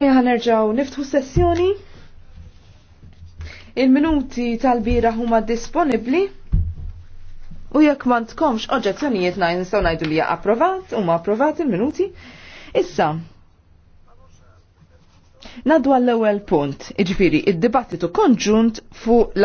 nerġaw niftħu sessjoni. Il-minuti tal-bira huma disponibli. U jekk ma tkomx oġġezzjonijiet ngħid nistgħu ngħidu li approvat, huma approvat il-minuti. Issa. Nadwa l-ewwel punt, iġifieri id-dibattitu konġunt fuq la